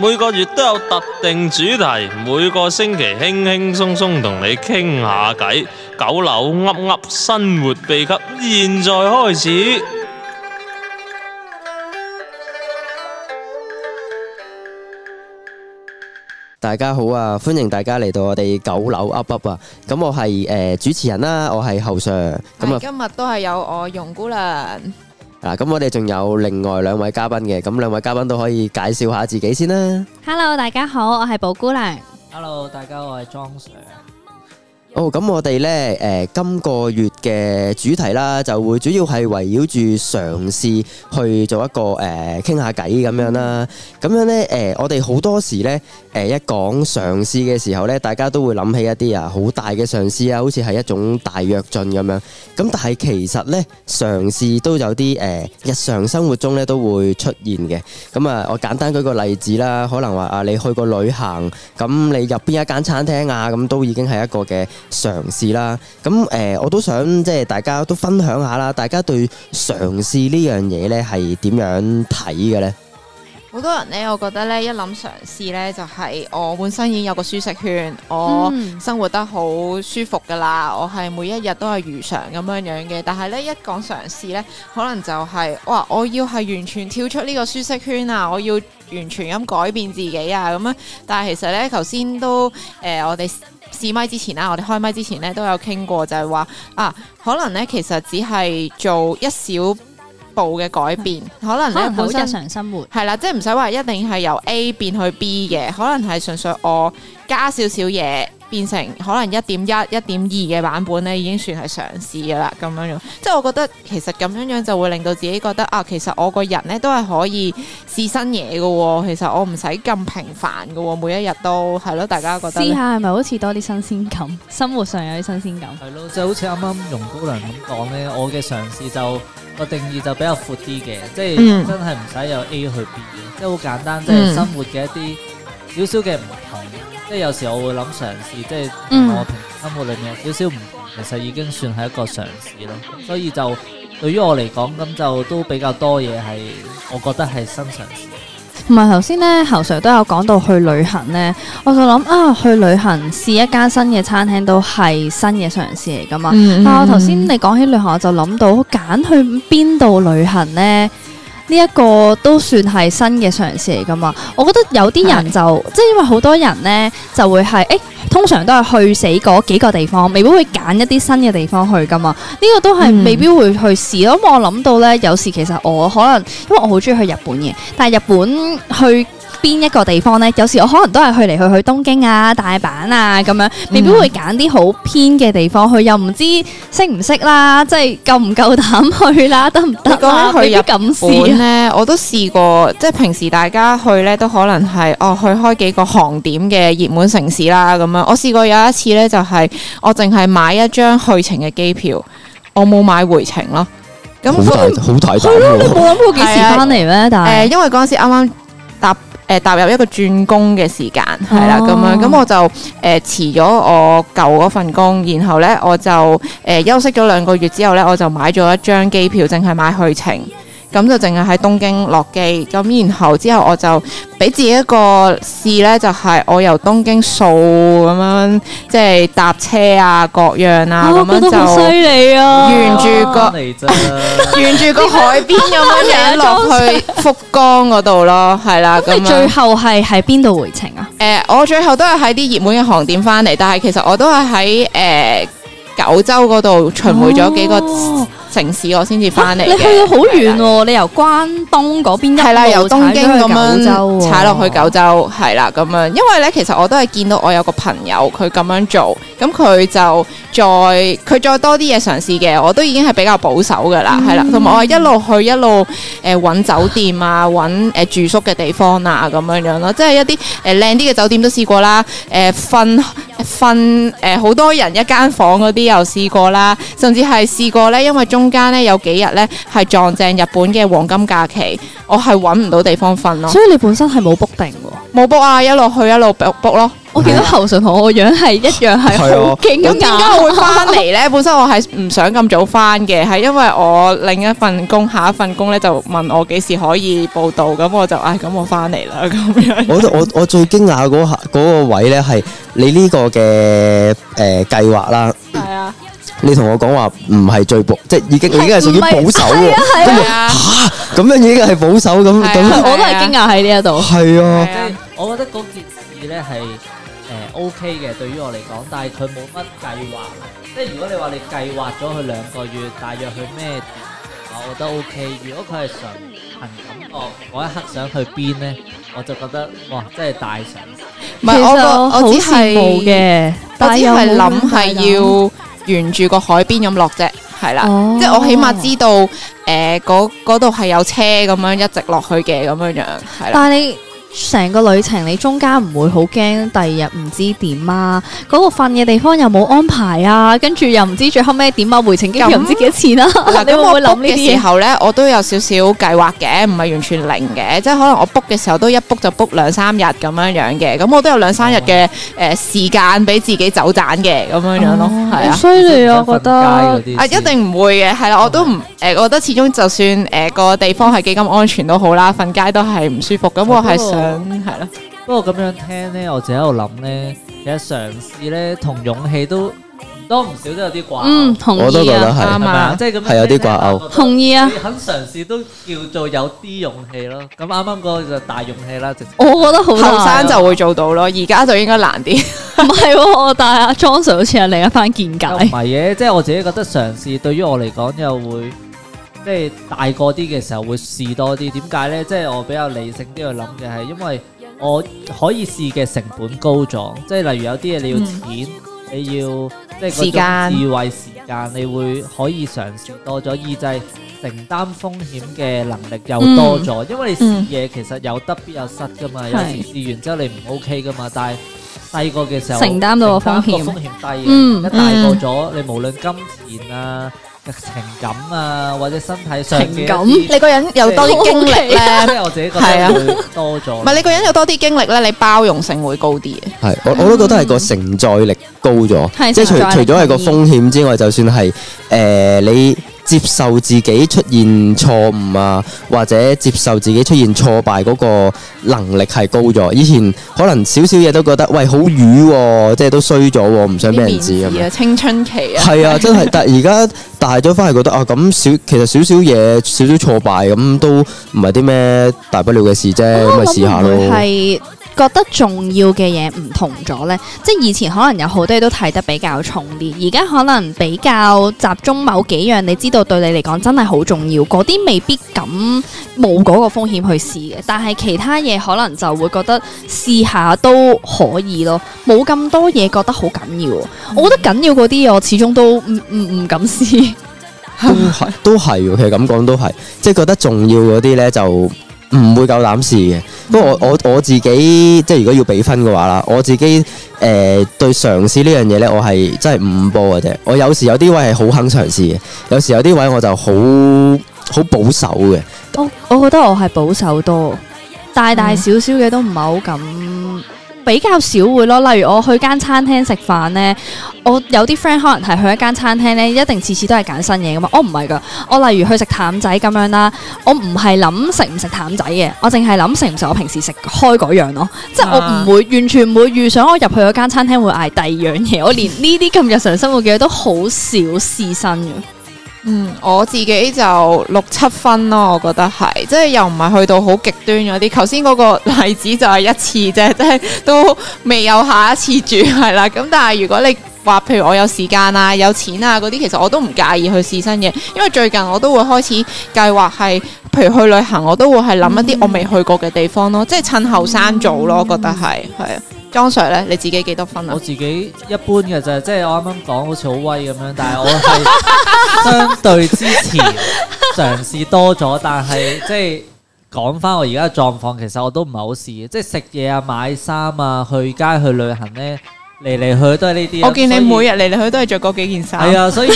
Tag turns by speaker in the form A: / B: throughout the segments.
A: 每個月都有特定主題，每個星期輕輕鬆鬆同你傾下偈。九樓噏噏生活秘笈，現在
B: 開始。大家好啊，歡迎大家嚟到我哋九樓噏噏啊！咁我係誒主持人啦，我係侯 Sir。咁啊，
C: 今日都係有我容姑娘。
B: 嗱，咁、啊、我哋仲有另外兩位嘉賓嘅，咁兩位嘉賓都可以介紹下自己先啦。
D: Hello，大家好，我係寶姑娘。
A: Hello，大家好，我係莊 Sir。
B: 哦，咁我哋呢，誒，今個月嘅主題啦，就會主要係圍繞住嘗試去做一個誒，傾下偈咁樣啦。咁樣呢，誒，我哋好多時呢，誒，一講嘗試嘅時候呢，大家都會諗起一啲啊，好大嘅嘗試啊，好似係一種大躍進咁樣。咁但係其實呢，嘗試都有啲，誒，日常生活中呢都會出現嘅。咁啊，我簡單舉個例子啦，可能話啊，你去過旅行，咁你入邊一間餐廳啊，咁都已經係一個嘅。嘗試啦，咁誒、呃，我都想即係大家都分享下啦，大家對嘗試呢樣嘢咧係點樣睇嘅咧？
C: 好多人咧，我覺得咧，一諗嘗試咧，就係、是、我本身已經有個舒適圈，我生活得好舒服噶啦，我係每一日都係如常咁樣樣嘅。但係咧，一講嘗試咧，可能就係、是、哇，我要係完全跳出呢個舒適圈啊，我要完全咁改變自己啊咁樣！但係其實咧，頭先都誒、呃，我哋試麥之前啦，我哋開麥之前咧，都有傾過就，就係話啊，可能咧，其實只係做一小步嘅改變，可能你本身日常生活係啦，即係唔使話一定係由 A 變去 B 嘅，可能係純粹我加少少嘢。變成可能一點一、一點二嘅版本咧，已經算係嘗試噶啦咁樣樣，即係我覺得其實咁樣樣就會令到自己覺得啊，其實我個人咧都係可以試新嘢嘅喎，其實我唔使咁平凡嘅喎，每一日都係咯，大家覺得試下
D: 係咪好似多啲新鮮感，生活上有啲新鮮感？係咯，就好似啱啱
A: 容姑娘咁講咧，我嘅嘗試就個定義就比較闊啲嘅，即係真係唔使有 A 去 B 嘅，即係好簡單，即係、嗯、生活嘅一啲少少嘅唔同。即係有時我會諗嘗試，即係我平時生活裏面、嗯、有少少唔同，其實已經算係一個嘗試咯。所以就對於我嚟講，咁就都比較多嘢係，我覺得係新嘗試。
D: 同埋頭先呢，侯 Sir 都有講到去旅行呢，我就諗啊，去旅行試一間新嘅餐廳都係新嘅嘗試嚟噶嘛。但、嗯啊、我頭先你講起旅行，我就諗到揀去邊度旅行呢？呢一個都算係新嘅嘗試嚟㗎嘛。我覺得有啲人就是即係因為好多人呢就會係欸，通常都係去死嗰幾個地方，未必會揀一啲新嘅地方去㗎嘛。呢個都係未必會去試咯。咁、嗯、我諗到呢，有時其實我可能因為我好鍾意去日本嘅，但係日本去。邊一個地方呢？有時我可能都係去嚟去去東京啊、大阪啊咁樣，未必、嗯、會揀啲好偏嘅地方去，懂懂夠夠去，又唔知識唔識啦，即係夠唔夠膽去啦，得唔得啦？你講起去日本呢？寶寶寶
C: 寶我都試過， 即係平時大家去呢都可能係哦去開幾個航點嘅熱門城市啦咁樣。我試過有一次呢，就係、是、我淨係買一張去程嘅機票，我冇買回程咯。咁好大、嗯、
B: 好大膽咯、啊，你冇諗
C: 過幾時翻嚟咩？但係、 呃呃、因為嗰時啱啱。誒踏、呃、入一個轉工嘅時間係啦，咁、哦、樣咁我就誒、呃、辭咗我舊嗰份工，然後呢，我就誒、呃、休息咗兩個月之後呢，我就買咗一張機票，淨係買去程。咁就淨係喺東京落機，咁然後之後我就俾自己一個試呢，就係、是、我由東京掃咁樣，即係搭車啊，各樣啦，咁樣就好犀利啊！
B: 沿住個、啊、 沿住個海邊咁樣落去
C: 飾福江嗰度咯，係啦咁。咁你最後係喺邊度回程啊？誒、呃，我最後都係喺啲熱門嘅航點翻嚟，但係其實我都係喺誒九州嗰度巡迴咗幾個。哦城市我先至翻嚟，你去到好
D: 遠喎、哦！的你由關東嗰邊，邊，係啦，由東京咁樣踩
C: 落、哦、去九州，係啦咁樣，因為咧，其實我都係見到我有個朋友佢咁樣做，咁佢就再佢再多啲嘢嘗試嘅。我都已經係比較保守噶、嗯、啦，係啦。同埋我係一路去一路誒揾、呃、酒店啊，揾誒、呃、住宿嘅地方啊，咁樣樣咯。即係一啲誒靚啲嘅酒店都試過啦，誒瞓瞓誒好多人一間房嗰啲又試過啦，甚至係試過咧，因為。中。中間咧有幾日咧係撞正日本嘅黃金假期，我係揾唔到地方瞓咯。所以你本身係冇 book 定㗎？冇 book 啊，一路去一路 book 咯。我見到侯信同我個樣係一樣係好勁咁，點解我會翻嚟咧？本身我係唔想咁早翻嘅，係因為我另一份工，下一份工咧就問我幾時可以報到，咁我就唉，咁我翻嚟啦咁樣。
B: 我覺得我我最驚訝嗰下嗰個位咧係你呢個嘅誒計劃啦。你同我講話唔係最保，即係已經已經係屬於保守喎。跟住吓，咁樣已經係保守咁，我都係驚訝喺呢一度。係啊，即係
A: 我覺得嗰件事咧係誒 OK 嘅，對於我嚟講，但係佢冇乜計劃。即係如果你話你計劃咗佢兩個月，大約去咩地，我覺得 OK。如果佢係純憑感覺，嗰一刻想去邊咧，我就
C: 覺得哇，真係大神。
A: 唔係我個，我只係，我只係
C: 諗係要。沿住個海邊咁落啫，係啦，oh. 即係我起碼知道，誒、呃，嗰嗰度係有車咁樣一直落去嘅咁樣樣，係啦。但係
D: 你。成個旅程你中間唔會好驚，第二日唔知點啊？嗰、嗰個瞓嘅地方又冇安排啊，跟住又唔知最後尾點啊？回程機票又唔知幾多錢啊？嗱樣，咁 你會唔會諗呢啲嘢？我 book 嘅時候
C: 呢，我都有少少計劃嘅，唔係完全零嘅，即係可能我 book 嘅時候都一 book 就 book 兩三日咁樣樣嘅，咁我都有兩三日嘅誒時間俾自己走盞嘅咁樣樣咯，係啊，衰你我覺得啊，一定唔會嘅，係啦，我都唔誒、呃，我覺得始終就算誒、呃嗰個地方係幾咁安全都好啦，瞓街都係唔舒服，咁我係。係
A: 啦，不過咁樣聽咧，我自己喺度諗咧，其實嘗試咧同勇氣都唔多唔少都有啲掛鉤。嗯，同意啊，係咪啊？即係咁樣聽咧，係有啲掛鈎。同意啊，你肯嘗試都叫做有啲勇氣咯。咁啱啱個就大勇氣啦。直情。
C: 我覺得好後生就會做到咯，而家就應該難啲。唔係，但係 Johnson 好似係另一番見解。唔係
A: 嘅，即係我自己覺得嘗試對於我嚟講又會。即係大個啲嘅時候會試多啲，點解呢？即係我比較理性啲去諗嘅係，因為我可以試嘅成本高咗，即係例如有啲嘢你要錢，嗯、你要即係嗰種智慧時間，時間你會可以嘗試多咗，而就係承擔風險嘅能力又多咗。嗯、因為你試嘢其實有得必有失噶嘛，嗯、有時試完之後你唔 OK 噶嘛，是但係細個嘅時候承擔到風險，個風險低，一、嗯嗯、大個咗，你無論金錢啊。情感啊，或者身體上嘅，感四你個人有多啲經歷咧，係啊， 自己覺得多咗。唔係 你
C: 個人有多啲經歷咧，你包容性會高啲
B: 嘅。我我都覺得係個承載力高咗，即係除除咗係個風險之外，就算係誒、呃，你接受自己出現錯誤啊，或者接受自己出現挫敗嗰個能力係高咗。以前可能少少嘢都覺得喂，好瘀、哦，即係都衰咗，唔想俾人知咁啊。
C: 青春期啊，係 啊，真係，
B: 但係而家。大咗翻嚟覺得啊，咁少其實少少嘢，少少挫敗咁都唔係啲咩大不了嘅事啫，咁咪好試下咯。
D: 覺得重要嘅嘢唔同咗呢，即係以前可能有好多嘢都睇得比較重啲，而家可能比較集中某幾樣，你知道對你嚟講真係好重要，嗰啲未必敢冒嗰個風險去試嘅。但係其他嘢可能就會覺得試下都可以咯，冇咁多嘢覺得好緊要。我覺得緊要嗰啲我始終都唔唔唔敢試。
B: 哦、都係都係，其實咁講都係，即係覺得重要嗰啲呢就，唔會夠膽試嘅。不過我我自己即係如果要俾分嘅話啦，我自己誒、呃、對嘗試呢樣嘢呢，我係真係五五波嘅啫。我有時有啲位係好肯嘗試嘅，有時有啲位我就好好保守嘅。
D: 我、哦、我覺得我係保守多，大大小小嘅都唔係好敢。嗯比較少會咯，例如我去間餐廳食飯呢，我有啲 friend 可能係去一間餐廳呢，一定次次都係揀新嘢㗎嘛。我唔係㗎，我例如去食譚仔咁樣啦，我唔係諗食唔食譚仔嘅，我淨係諗食唔食我平時食開嗰樣咯。啊、即係我唔會完全唔會預想我入去嗰間餐廳會嗌第二樣嘢， 我連呢啲咁日常生活嘅嘢都好少試新嘅。
C: 嗯，我自己就六七分咯，我覺得係即係又唔係去到好極端嗰啲。頭先嗰個例子就係一次啫，即係都未有下一次住係啦。咁但係如果你話譬如我有時間啊，有錢啊嗰啲，其實我都唔介意去試新嘢。因為最近我都會開始計劃係，譬如去旅行，我都會係諗一啲我未去過嘅地方咯，mm hmm. 即係趁後生做咯。Mm hmm. 我覺得係係啊。莊 Sir 咧，你自己幾多分啊？我
A: 自己一般嘅就係，即係我啱啱講好似好威咁樣，但係我係相對之前嘗試多咗，但係即係講翻我而家嘅狀況，其實我都唔係好試，即係食嘢啊、買衫啊、去街去旅行咧，嚟嚟去都係呢啲。我見你每日
C: 嚟嚟去都係着嗰幾件衫。係以 啊，所以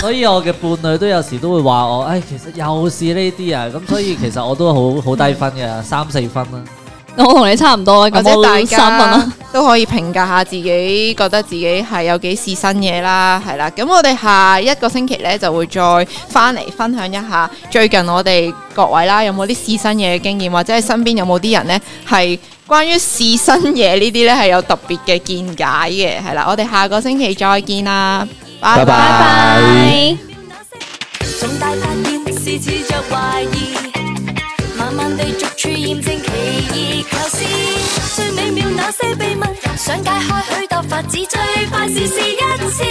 A: 所以我嘅伴侶都有時都會話我，誒、哎，其實又試呢啲啊，咁 所以其實我都好好低分嘅，三四分啦。
C: 我同你差唔多，或者大家都可以評價下自己覺得自己係有幾試新嘢啦，係啦。咁我哋下一個星期呢，就會再翻嚟分享一下最近我哋各位啦，有冇啲試新嘢嘅經驗，或者係身邊有冇啲人呢，係關於試新嘢呢啲呢，係有特別嘅見解嘅，係啦。我哋下個星期再見啦，拜拜。拜
D: 拜。慢慢地逐處驗證奇異構思，最美妙那些秘密，想解開許多法子，最快是試一次。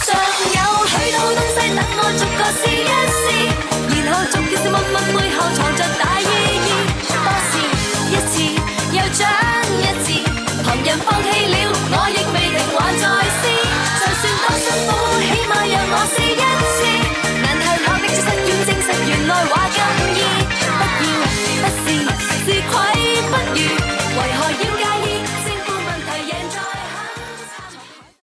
D: 尚有許多好東西等我逐個試一試，然後逐件件默默背後藏着大。